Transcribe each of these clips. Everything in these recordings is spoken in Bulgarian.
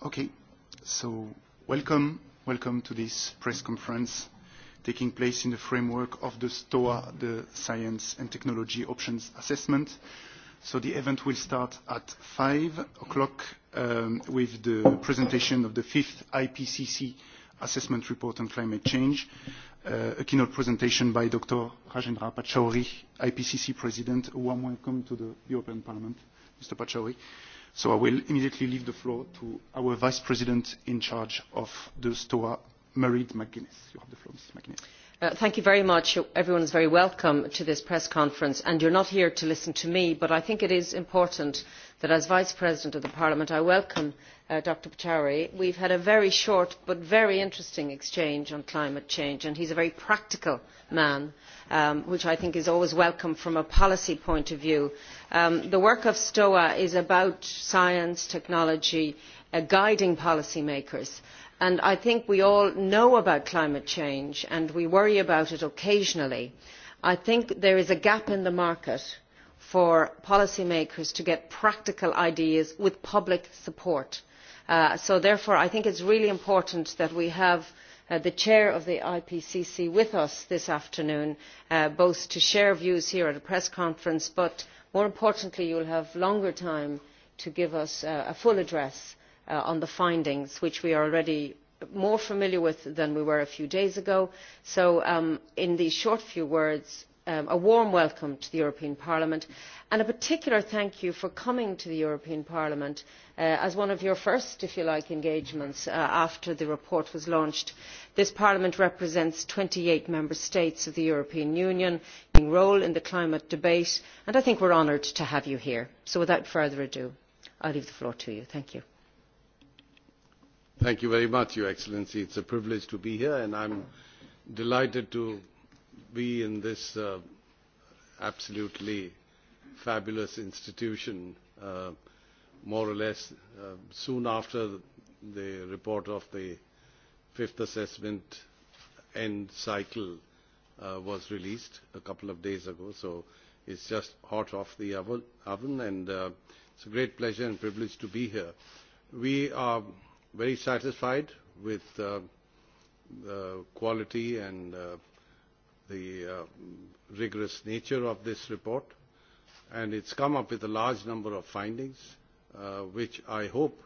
Okay, so welcome, welcome to this press conference taking place in the framework of the STOA, the Science and Technology Options Assessment. So the event will start at 5 o'clock um, with the presentation of the fifth IPCC assessment report on climate change, uh, a keynote presentation by Dr. Rajendra Pachauri, IPCC President. A warm welcome to the European Parliament, Mr. Pachauri. So I will immediately leave the floor to our Vice President in charge of the STOA, Mairead McGuinness. You have the floor, Ms McGuinness thank you very much. everyone is very welcome to this press conference and you are not here to listen to me but i think it is important that as vice president of parliament i welcome dr pachauri. we have had a very short but very interesting exchange on climate change and he is a very practical man which i think is always welcome from a policy point of view. the work of stoa is about science technology guiding policymakers. I think we all know about climate change and we worry about it occasionally. I think there is a gap in the market for policymakers to get practical ideas with public support. so therefore I think it is really important that we have the chair of the IPCC with us this afternoon, both to share views here at a press conference, but more importantly you will have longer time to give us a full address on the findings, which we are already more familiar with than we were a few days ago. So in these short few words, a warm welcome to the European Parliament and a particular thank you for coming to the European Parliament as one of your first, if you like, engagements after the report was launched. This Parliament represents twenty eight Member States of the European Union, in role in the climate debate, and I think we are honoured to have you here. So without further ado, I leave the floor to you. Thank you. Thank you very much, Your Excellency. It's a privilege to be here, and I'm delighted to be in this uh, absolutely fabulous institution, uh, more or less uh, soon after the report of the fifth assessment end cycle uh, was released a couple of days ago. So it's just hot off the oven, oven and uh, it's a great pleasure and privilege to be here. We are very satisfied with uh, the quality and uh, the uh, rigorous nature of this report. And it's come up with a large number of findings, uh, which I hope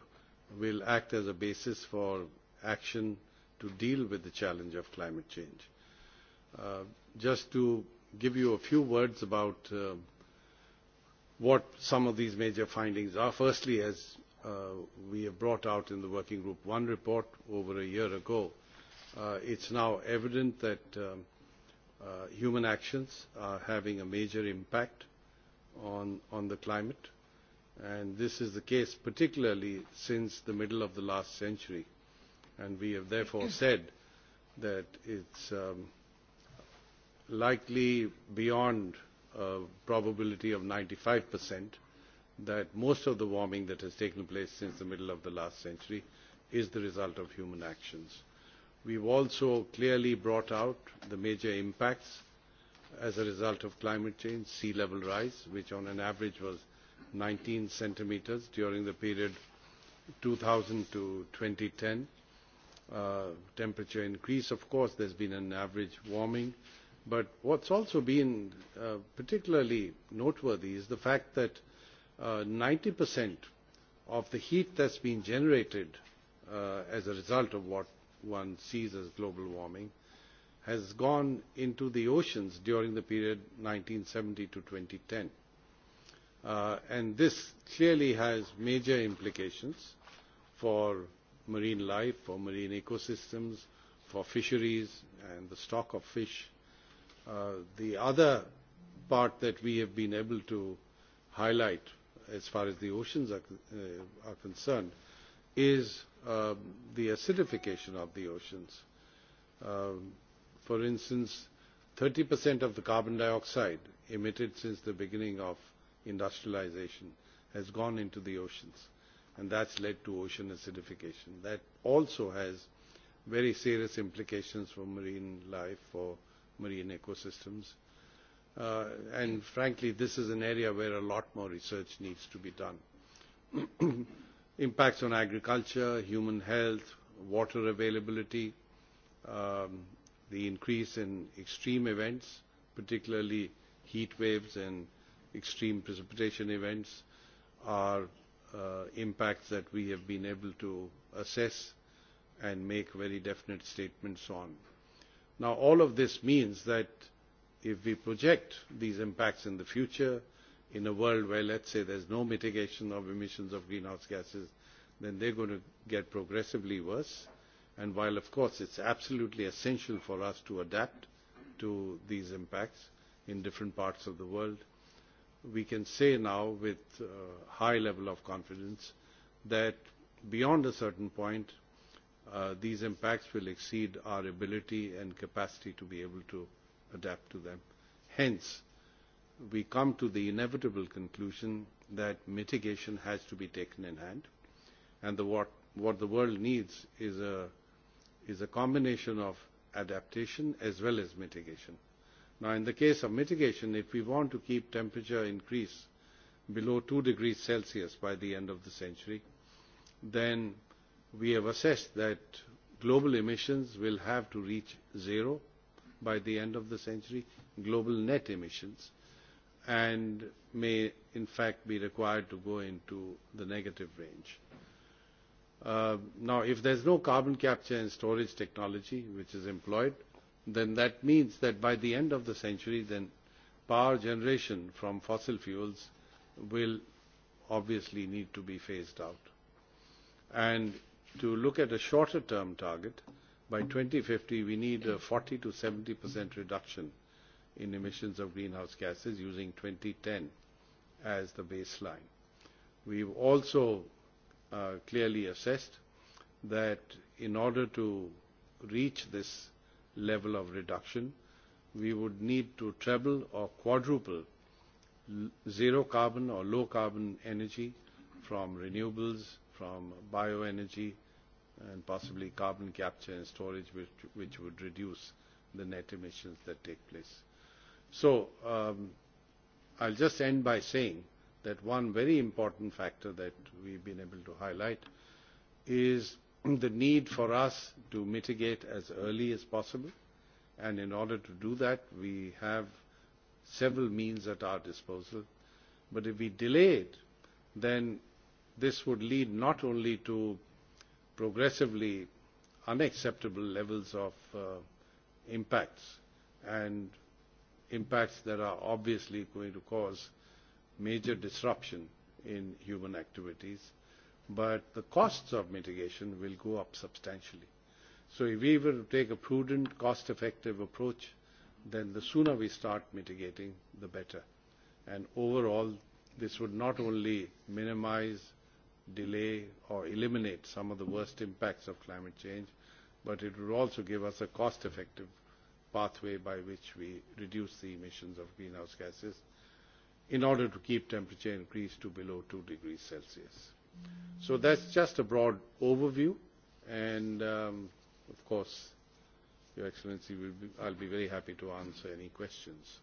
will act as a basis for action to deal with the challenge of climate change. Uh, just to give you a few words about uh, what some of these major findings are. Firstly, as we have brought out in the working group one report over a year ago, uh, it's now evident that um, uh, human actions are having a major impact on, on the climate. And this is the case particularly since the middle of the last century. And we have therefore said that it's um, likely beyond a probability of 95 percent that most of the warming that has taken place since the middle of the last century is the result of human actions. We've also clearly brought out the major impacts as a result of climate change, sea level rise, which on an average was 19 centimeters during the period 2000 to 2010. Uh, temperature increase, of course, there's been an average warming. But what's also been uh, particularly noteworthy is the fact that ninety percent of the heat that's been generated as a result of what one sees as global warming has gone into the oceans during the period 1970 to 2010. Uh, and this clearly has major implications for marine life, for marine ecosystems, for fisheries and the stock of fish. Uh, the other part that we have been able to highlight as far as the oceans are, uh, are concerned is uh, the acidification of the oceans. Um, for instance, 30% of the carbon dioxide emitted since the beginning of industrialization has gone into the oceans, and that's led to ocean acidification. That also has very serious implications for marine life, for marine ecosystems uh, and frankly this is an area where a lot more research needs to be done. Impacts on agriculture, human health, water availability, um, the increase in extreme events, particularly heat waves and extreme precipitation events are uh, impacts that we have been able to assess and make very definite statements on. Now all of this means that if we project these impacts in the future in a world where, let's say, there's no mitigation of emissions of greenhouse gases, then they're going to get progressively worse. And while, of course, it's absolutely essential for us to adapt to these impacts in different parts of the world, we can say now with a high level of confidence that beyond a certain point, uh, these impacts will exceed our ability and capacity to be able to uh, adapt to them. Hence, we come to the inevitable conclusion that mitigation has to be taken in hand, and the, what, what the world needs is a, is a combination of adaptation as well as mitigation. Now, in the case of mitigation, if we want to keep temperature increase below 2 degrees Celsius by the end of the century, then we have assessed that global emissions will have to reach zero by the end of the century global net emissions and may in fact be required to go into the negative range. now, if there is no carbon capture and storage technology which is employed, then that means that by the end of the century, then power generation from fossil fuels will obviously need to be phased out. And to look at a shorter term target, uh, by 2050 we need a 40 to 70 percent reduction in emissions of greenhouse gases using 2010 as the baseline. We've also uh, clearly assessed that in order to reach this level of reduction, we would need to treble or quadruple zero carbon or low carbon energy from renewables, from bioenergy, and possibly carbon capture and storage, which, which would reduce the net emissions that take place. So um, I'll just end by saying that one very important factor that we've been able to highlight is the need for us to mitigate as early as possible. And in order to do that, we have several means at our disposal. But if we delay it, then this would lead not only to progressively unacceptable levels of uh, impacts and impacts that are obviously going to cause major disruption in human activities, but the costs of mitigation will go up substantially. So if we were to take a prudent, cost-effective approach, then the sooner we start mitigating, the better. And overall, this would not only minimize delay or eliminate some of the worst impacts of climate change, but it would also give us a cost-effective pathway by which we reduce the emissions of greenhouse gases in order to keep temperature increase to below 2 degrees Celsius. So that's just a broad overview, and um, of course, Your Excellency, will be, I'll be very happy to answer any questions.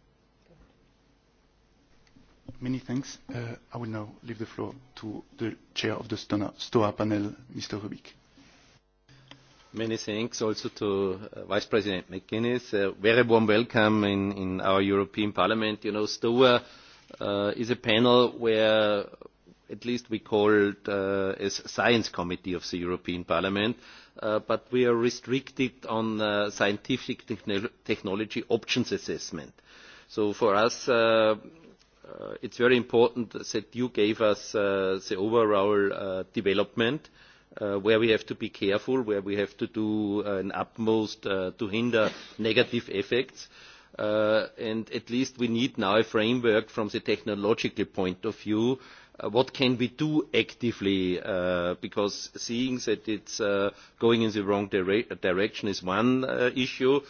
Many thanks. Uh, I will now leave the floor to the chair of the STOA, STOA panel, Mr. Rubik. Many thanks also to uh, Vice President McGuinness. A very warm welcome in, in our European Parliament. You know, STOA uh, is a panel where at least we call it uh, as Science Committee of the European Parliament, uh, but we are restricted on uh, scientific technology options assessment. So for us, uh, It is very important that you gave us the overall development, where we have to be careful, where we have to do our utmost to hinder negative effects. and At least we need now a framework from the technological point of view. What can we do actively? Because seeing that it is going in the wrong direction is one issue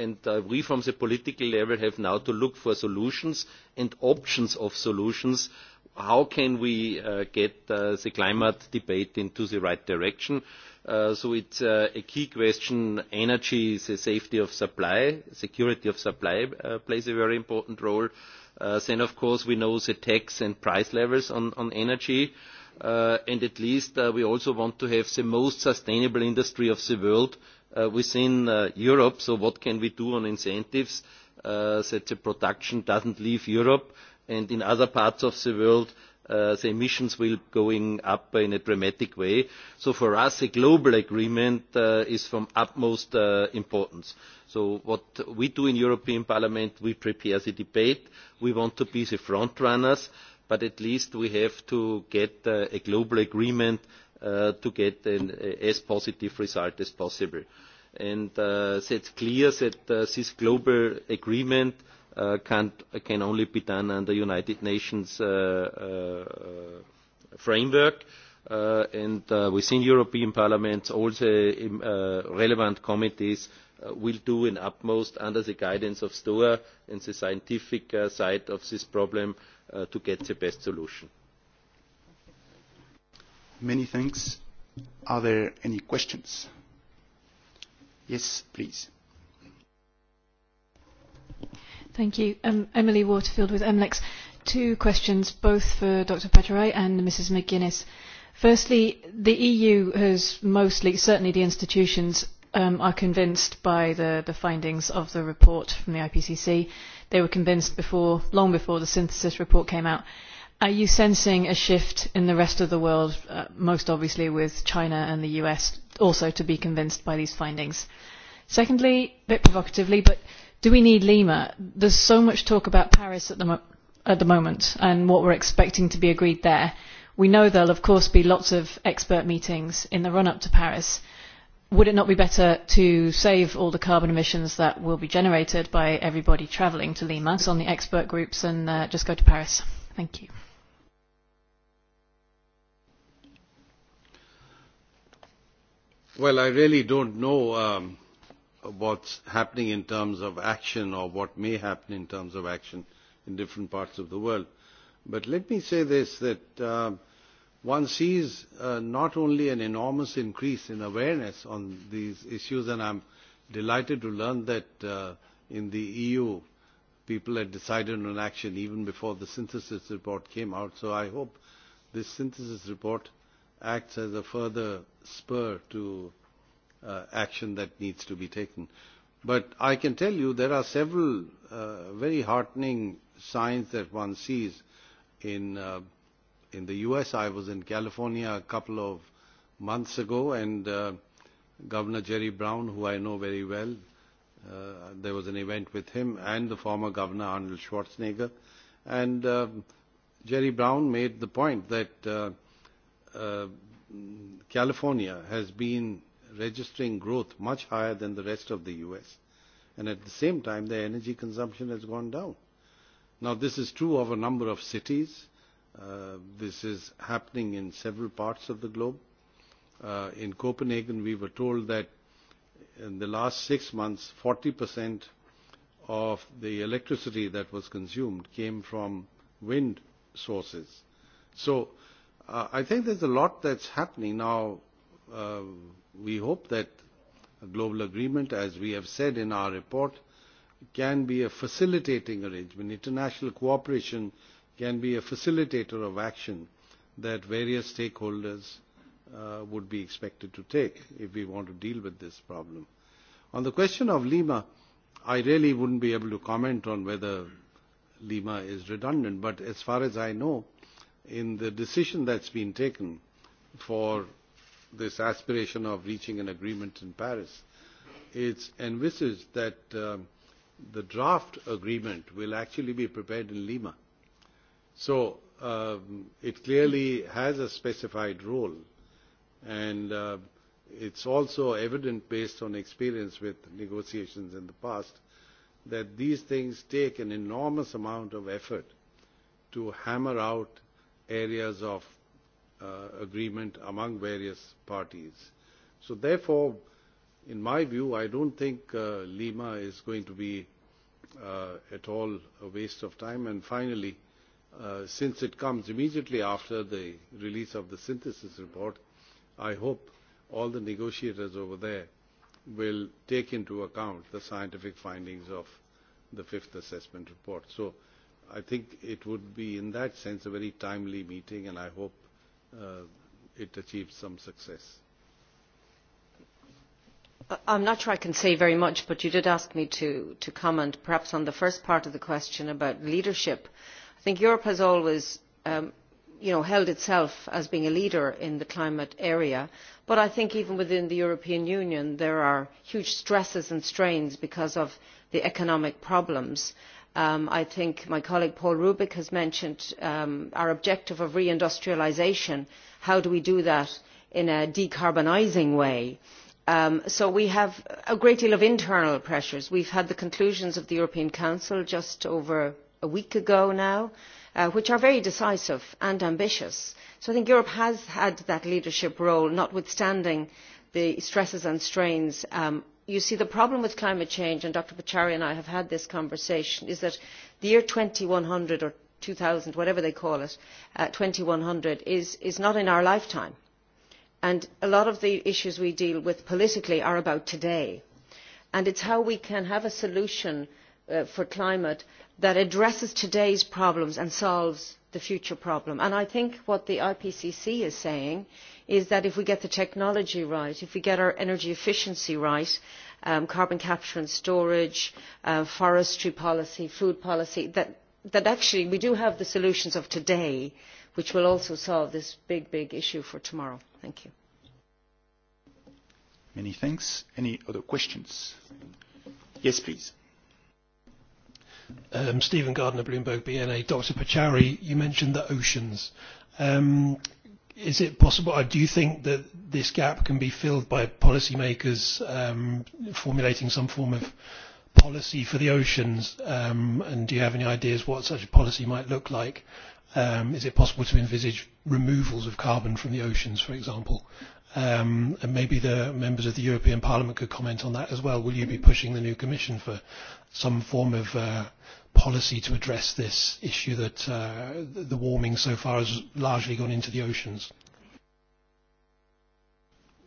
and we from the political level have now to look for solutions and options of solutions. How can we get the climate debate into the right direction? so it is a key question. Energy, the safety of supply, security of supply plays a very important role. then, of course, we know the tax and price levels on, energy. and at least we also want to have the most sustainable industry of the world within Europe. So what can we do on incentives uh, that the production doesn't leave Europe and in other parts of the world the emissions will go up in a dramatic way. So for us, a global agreement is from utmost importance. So what we do in the European Parliament, we prepare the debate. We want to be the front runners, but at least we have to get a global agreement to get an as positive result as possible. And It's clear that this global agreement can only be done under United Nations framework. and Within European Parliament, all the relevant committees will do an utmost under the guidance of STOA and the scientific side of this problem to get the best solution Many thanks. Are there any questions? Yes, please. Thank you. Um, Emily Waterfield with MLEX. Two questions, both for Dr. Pateray and Mrs. McGuinness. Firstly, the EU has mostly, certainly the institutions, um, are convinced by the, the findings of the report from the IPCC. They were convinced before, long before the synthesis report came out. Are you sensing a shift in the rest of the world, uh, most obviously with China and the US, also to be convinced by these findings? Secondly, a bit provocatively, but do we need Lima? There's so much talk about Paris at the, mo- at the moment and what we're expecting to be agreed there. We know there'll, of course, be lots of expert meetings in the run-up to Paris. Would it not be better to save all the carbon emissions that will be generated by everybody travelling to Lima, on the expert groups, and uh, just go to Paris? Thank you. Well, I really don't know um, what's happening in terms of action or what may happen in terms of action in different parts of the world. But let me say this, that uh, one sees uh, not only an enormous increase in awareness on these issues, and I'm delighted to learn that uh, in the EU people had decided on action even before the synthesis report came out. So I hope this synthesis report acts as a further spur to uh, action that needs to be taken. But I can tell you there are several uh, very heartening signs that one sees. In, uh, in the US, I was in California a couple of months ago, and uh, Governor Jerry Brown, who I know very well, uh, there was an event with him and the former governor Arnold Schwarzenegger. And um, Jerry Brown made the point that uh, California has been registering growth much higher than the rest of the US. And at the same time, their energy consumption has gone down. Now, this is true of a number of cities. Uh, this is happening in several parts of the globe. Uh, in Copenhagen, we were told that in the last six months, 40% of the electricity that was consumed came from wind sources. So, uh, Uh, I think there's a lot that's happening now. Uh, we hope that a global agreement, as we have said in our report, can be a facilitating arrangement. International cooperation can be a facilitator of action that various stakeholders uh, would be expected to take if we want to deal with this problem. On the question of Lima, I really wouldn't be able to comment on whether Lima is redundant, but as far as I know, uh, in the decision that has been taken for this aspiration of reaching an agreement in Paris, it is envisaged that the draft agreement will actually be prepared in Lima. So it clearly has a specified role, and uh, it's also evident based on experience with negotiations in the past that these things take an enormous amount of effort to hammer out areas of uh, agreement among various parties. So therefore, in my view, I don't think uh, Lima is going to be uh, at all a waste of time. And finally, uh, since it comes immediately after the release of the synthesis report, I hope all the negotiators over there will take into account the scientific findings of the fifth assessment report. So I think it would be, in that sense, a very timely meeting, and I hope uh, it achieves some success. I'm not sure I can say very much, but you did ask me to, to comment perhaps on the first part of the question about leadership. I think Europe has always um, you know, held itself as being a leader in the climate area. But I think even within the European Union, there are huge stresses and strains because of the economic problems. I think my colleague Paul Rubig has mentioned our objective of reindustrialisation. How do we do that in a decarbonising way? so we have a great deal of internal pressures. We have had the conclusions of the European Council just over a week ago now, which are very decisive and ambitious. So I think Europe has had that leadership role, notwithstanding the stresses and strains you see the problem with climate change and dr pachauri and i have had this conversation is that the year two thousand one hundred or two thousand whatever they call it one hundred is not in our lifetime and a lot of the issues we deal with politically are about today and it is how we can have a solution for climate that addresses today's problems and solves the future problem. I think what the IPCC is saying is that if we get the technology right, if we get our energy efficiency right, carbon capture and storage, forestry policy, food policy, that, actually we do have the solutions of today which will also solve this big, big issue for tomorrow. Thank you. Many thanks. Any other questions? Yes, please Um, Stephen Gardner, Bloomberg BNA. Dr. Pachauri, you mentioned the oceans. Um, is it possible, or do you think that this gap can be filled by policymakers um, formulating some form of policy for the oceans? Um, and do you have any ideas what such a policy might look like? Um, is it possible to envisage removals of carbon from the oceans, for example? Um, and maybe the members of the European Parliament could comment on that as well. Will you be pushing the new Commission for some form of uh, policy to address this issue that uh, the warming so far has largely gone into the oceans?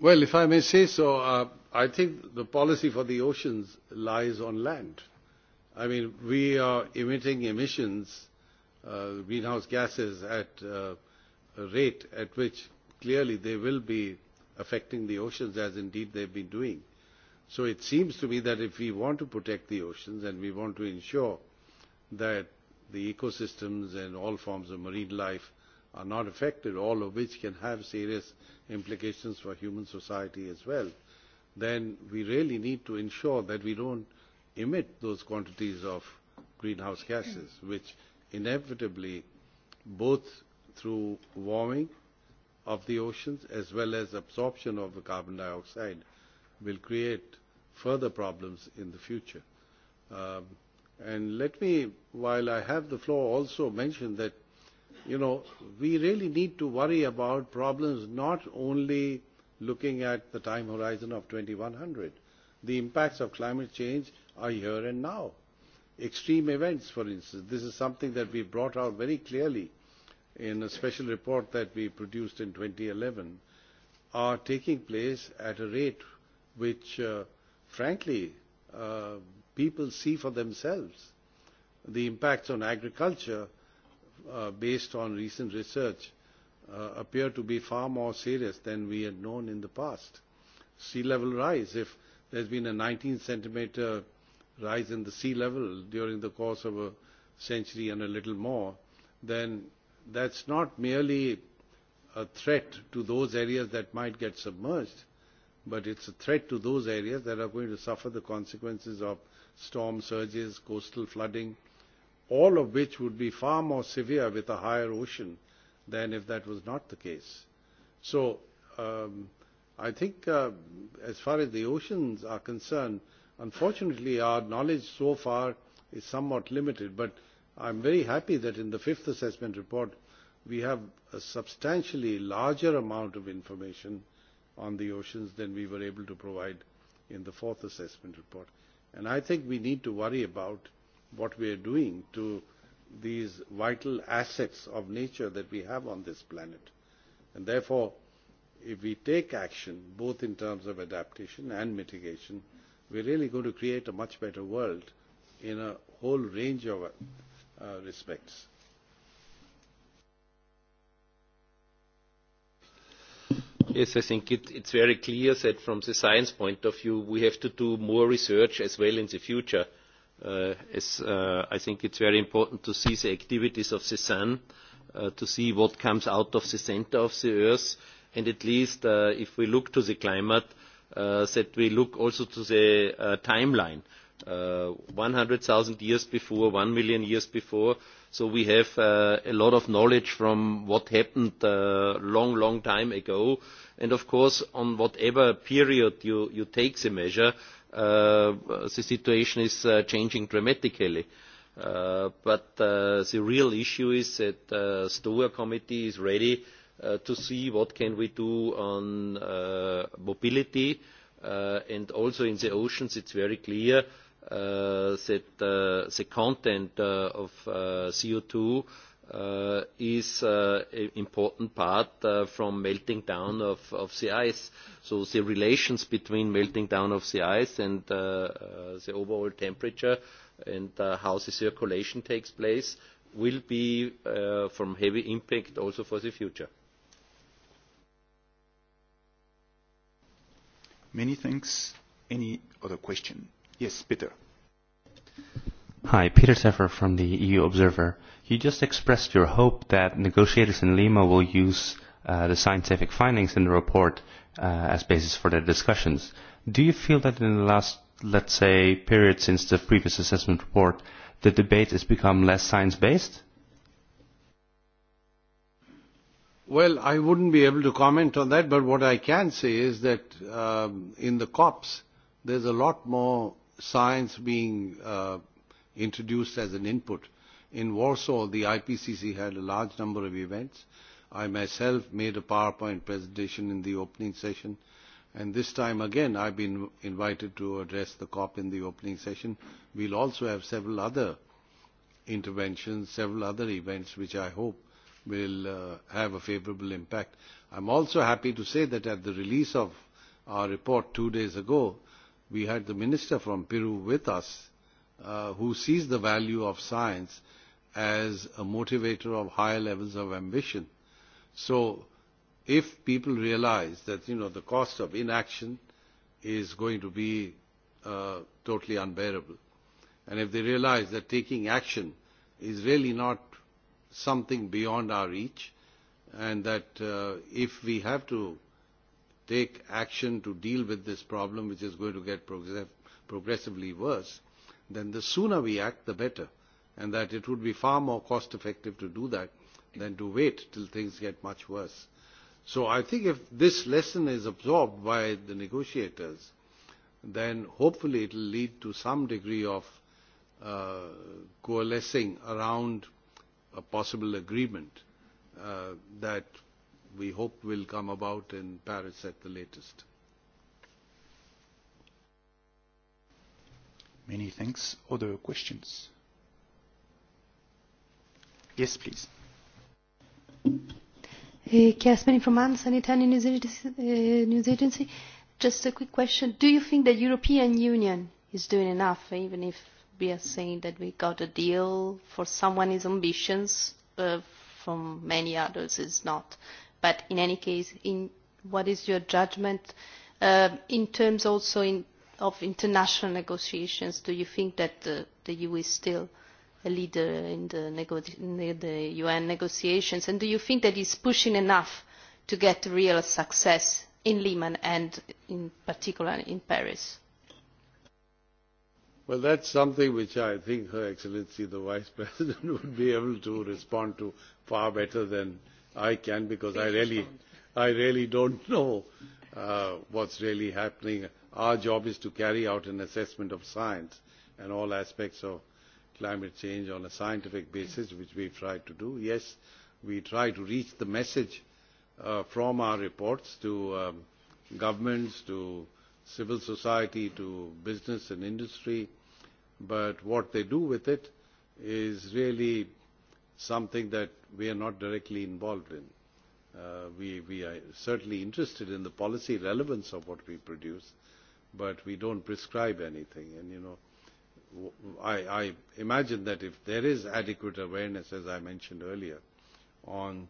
Well, if I may say so, uh, I think the policy for the oceans lies on land. I mean, we are emitting emissions, uh, greenhouse gases, at uh, a rate at which clearly they will be affecting the oceans as indeed they've been doing. So it seems to me that if we want to protect the oceans and we want to ensure that the ecosystems and all forms of marine life are not affected, all of which can have serious implications for human society as well, then we really need to ensure that we don't emit those quantities of greenhouse gases, which inevitably, both through warming of the oceans as well as absorption of the carbon dioxide will create further problems in the future. Um, and let me, while I have the floor, also mention that, you know, we really need to worry about problems not only looking at the time horizon of 2100. The impacts of climate change are here and now. Extreme events, for instance, this is something that we brought out very clearly in a special report that we produced in eleven are taking place at a rate which, frankly, people see for themselves. The impacts on agriculture, based on recent research, appear to be far more serious than we had known in the past. Sea level rise, if there's been a 19 centimeter rise in the sea level during the course of a century and a little more, then that's not merely a threat to those areas that might get submerged, but it's a threat to those areas that are going to suffer the consequences of storm surges, coastal flooding, all of which would be far more severe with a higher ocean than if that was not the case. So um, I think uh, as far as the oceans are concerned, unfortunately our knowledge so far is somewhat limited, but I am very happy that in the fifth assessment report we have a substantially larger amount of information on the oceans than we were able to provide in the fourth assessment report. And I think we need to worry about what we are doing to these vital assets of nature that we have on this planet. And therefore, if we take action, both in terms of adaptation and mitigation, we're really going to create a much better world in a whole range of respects. Yes, I think it, it's very clear that from the science point of view, we have to do more research as well in the future. Uh, as, uh, I think it's very important to see the activities of the sun, uh, to see what comes out of the center of the earth, and at least uh, if we look to the climate, uh, that we look also to the uh, timeline one hundred thousand years before, one million years before. So we have uh, a lot of knowledge from what happened a long, long time ago. And of course, on whatever period you, you take the measure, uh, the situation is uh, changing dramatically. Uh, but uh, the real issue is that the uh, STOA committee is ready uh, to see what can we do on uh, mobility uh, and also in the oceans it's very clear uh, that uh the content uh of uh co two is uh an important part uh from melting down of of the ice. So the relations between melting down of the ice and uh the overall temperature and uh how the circulation takes place will be uh from heavy impact also for the future. Many thanks. Any other question? Yes, Peter. Hi, Peter Seffer from the EU Observer. You just expressed your hope that negotiators in Lima will use uh, the scientific findings in the report uh, as basis for their discussions. Do you feel that in the last, let's say, period since the previous assessment report, the debate has become less science-based? Well, I wouldn't be able to comment on that, but what I can say is that um, in the COPs, there's a lot more science being uh, introduced as an input. In Warsaw, the IPCC had a large number of events. I myself made a PowerPoint presentation in the opening session, and this time again I've been invited to address the COP in the opening session. We'll also have several other interventions, several other events which I hope will uh, have a favorable impact. I'm also happy to say that at the release of our report two days ago, We had the minister from Peru with us uh, who sees the value of science as a motivator of higher levels of ambition. So if people realize that you know the cost of inaction is going to be uh, totally unbearable, and if they realize that taking action is really not something beyond our reach, and that uh, if we have to take action to deal with this problem, which is going to get progressively worse, then the sooner we act, the better. And that it would be far more cost effective to do that than to wait till things get much worse. So I think if this lesson is absorbed by the negotiators, then hopefully it will lead to some degree of uh, coalescing around a possible agreement uh, that we hope will come about in Paris at the latest. Many thanks. Other questions? Yes, please. Kiasmani from ANSA, Italian news agency. Just a quick question. Do you think the European Union is doing enough, even if we are saying that we got a deal for someone's ambitions uh, from many others is not? Uh, But in any case, in what is your judgment uh, in terms also in, of international negotiations? Do you think that the, the EU is still a leader in the, in the UN negotiations? And do you think that it's pushing enough to get real success in Lehman and in particular in Paris? Well, that's something which I think Her Excellency the Vice President would be able to respond to far better than I can because I really, I really don't know uh, what's really happening. Our job is to carry out an assessment of science and all aspects of climate change on a scientific basis, which we try to do. Yes, we try to reach the message uh, from our reports to um, governments, to civil society, to business and industry, but what they do with it is really something that we are not directly involved in. Uh, we, we are certainly interested in the policy relevance of what we produce, but we don't prescribe anything. And, you know, I, I imagine that if there is adequate awareness, as I mentioned earlier, on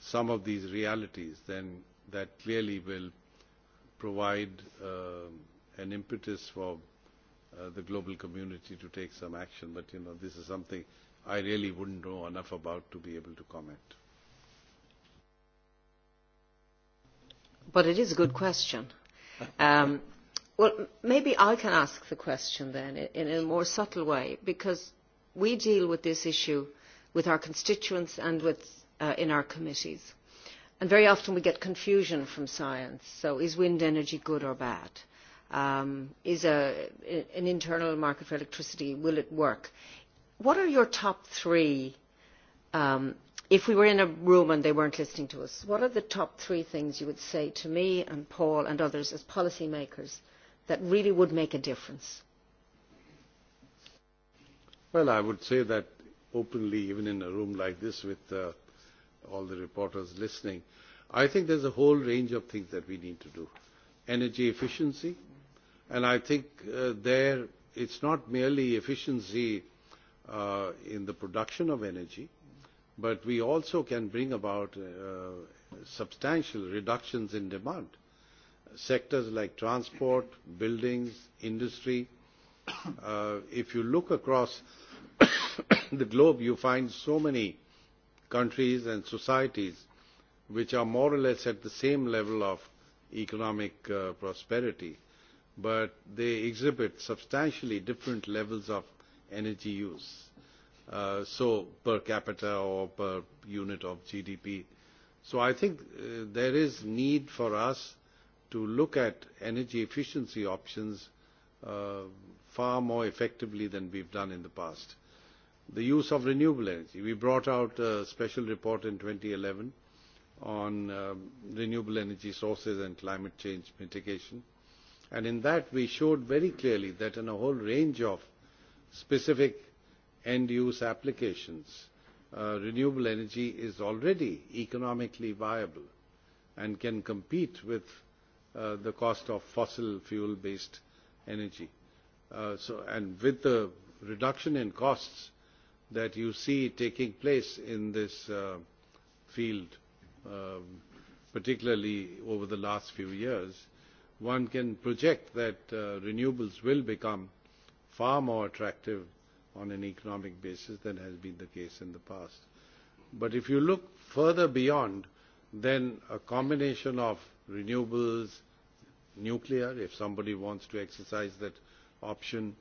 some of these realities, then that clearly will provide uh, an impetus for uh, the global community to take some action. But, you know, this is something I really wouldn't know enough about to be able to comment. But it is a good question. Um, well, maybe I can ask the question then in a more subtle way, because we deal with this issue with our constituents and with, uh, in our committees. And very often we get confusion from science. So is wind energy good or bad? Um, is a, an internal market for electricity, will it work? what are your top three um, if we were in a room and they weren't listening to us, what are the top three things you would say to me and Paul and others as policymakers that really would make a difference? Well, I would say that openly, even in a room like this with uh, all the reporters listening, I think there's a whole range of things that we need to do. Energy efficiency, and I think uh, there it's not merely efficiency uh, in the production of energy, but we also can bring about uh, substantial reductions in demand. Sectors like transport, buildings, industry. Uh, if you look across the globe, you find so many countries and societies which are more or less at the same level of economic uh, prosperity, but they exhibit substantially different levels of energy use. Uh, so per capita or per unit of GDP. So I think uh, there is need for us to look at energy efficiency options uh, far more effectively than we've done in the past. The use of renewable energy. We brought out a special report in 2011 on um, renewable energy sources and climate change mitigation. And in that, we showed very clearly that in a whole range of specific end use applications, renewable energy is already economically viable and can compete with uh the cost of fossil fuel-based energy. Uh so, and with the reduction in costs that you see taking place in this field, particularly over the last few years, one can project that renewables will become far more attractive on an economic basis than has been the case in the past. But if you look further beyond, then a combination of renewables, nuclear, if somebody wants to exercise that option,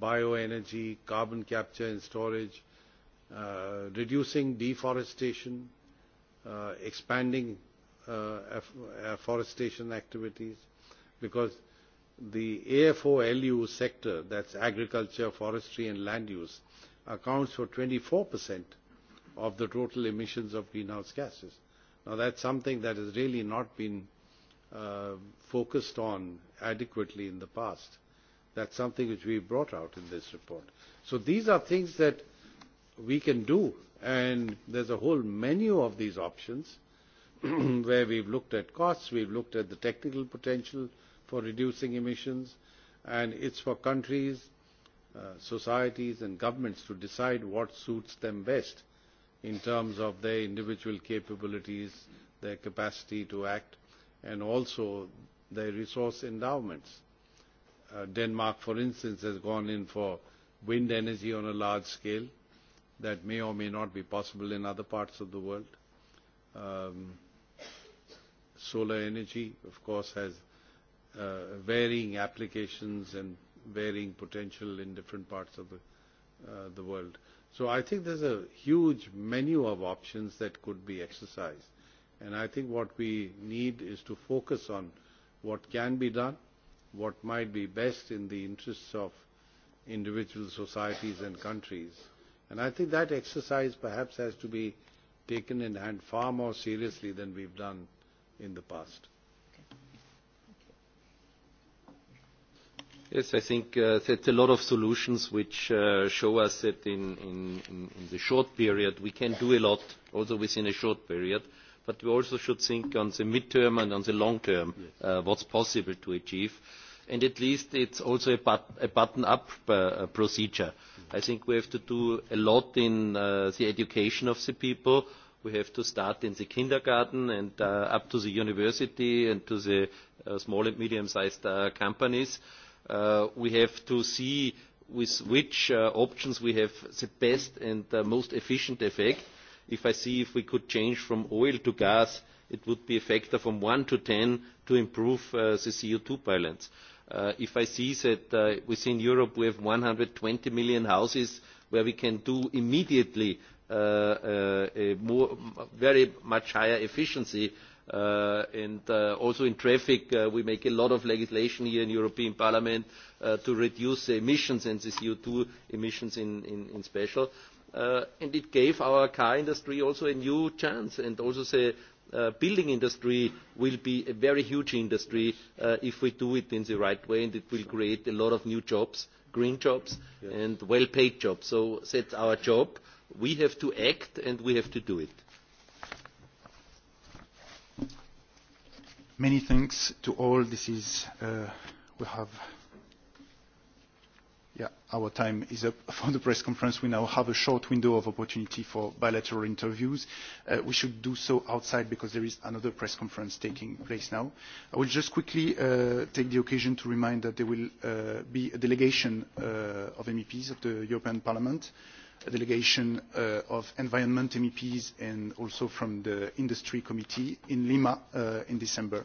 bioenergy, carbon capture and storage, uh, reducing deforestation, uh, expanding uh, afforestation activities, because the AFOLU sector, that's agriculture, forestry and land use, accounts for 24% of the total emissions of greenhouse gases. Now that's something that has really not been uh, focused on adequately in the past. That's something which we brought out in this report. So these are things that we can do and there's a whole menu of these options where we've looked at costs, we've looked at the technical potential, for reducing emissions and it is for countries, societies and governments to decide what suits them best in terms of their individual capabilities, their capacity to act and also their resource endowments. Denmark, for instance, has gone in for wind energy on a large scale that may or may not be possible in other parts of the world. Um, solar energy, of course, has uh, varying applications and varying potential in different parts of the, uh, the world. So I think there's a huge menu of options that could be exercised. And I think what we need is to focus on what can be done, what might be best in the interests of individual societies and countries. And I think that exercise perhaps has to be taken in hand far more seriously than we've done in the past. Yes, I think uh, that's a lot of solutions which uh, show us that in, in, in the short period we can do a lot, also within a short period, but we also should think on the midterm and on the long term uh, what's possible to achieve. And at least it's also a, but, a button-up uh, procedure. I think we have to do a lot in uh, the education of the people. We have to start in the kindergarten and uh, up to the university and to the uh, small and medium-sized uh, companies. Uh, we have to see with which options we have the best and most efficient effect. If I see if we could change from oil to gas, it would be a factor from one to ten to improve the co two balance. If I see that within Europe we have one hundred and twenty million houses where we can do immediately a very much higher efficiency and also in traffic we make a lot of legislation here in the european parliament to reduce emissions and the co two emissions in special and it gave our car industry also a new chance and also the building industry will be a very huge industry if we do it in the right way and it will create a lot of new jobs green jobs and well paid jobs so that is our job we have to act and we have to do it Many thanks to all. This is, uh, we have, yeah, our time is up for the press conference. We now have a short window of opportunity for bilateral interviews. Uh, we should do so outside because there is another press conference taking place now. I will just quickly uh, take the occasion to remind that there will uh, be a delegation uh, of MEPs of the European Parliament a delegation of environment MEPs and also from the industry committee in Lima in December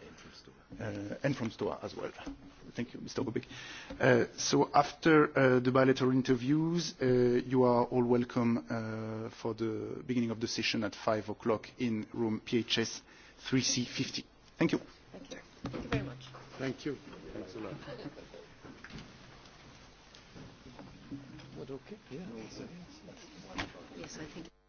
and from STOA as well. Thank you, Mr. Gobek. so after the bilateral interviews, you are all welcome for the beginning of the session at five o'clock in room PHS 3C50. Thank you. Thank you. Thank you very much. Thank you. Thanks a lot. but okay. Yeah. Yes, I think.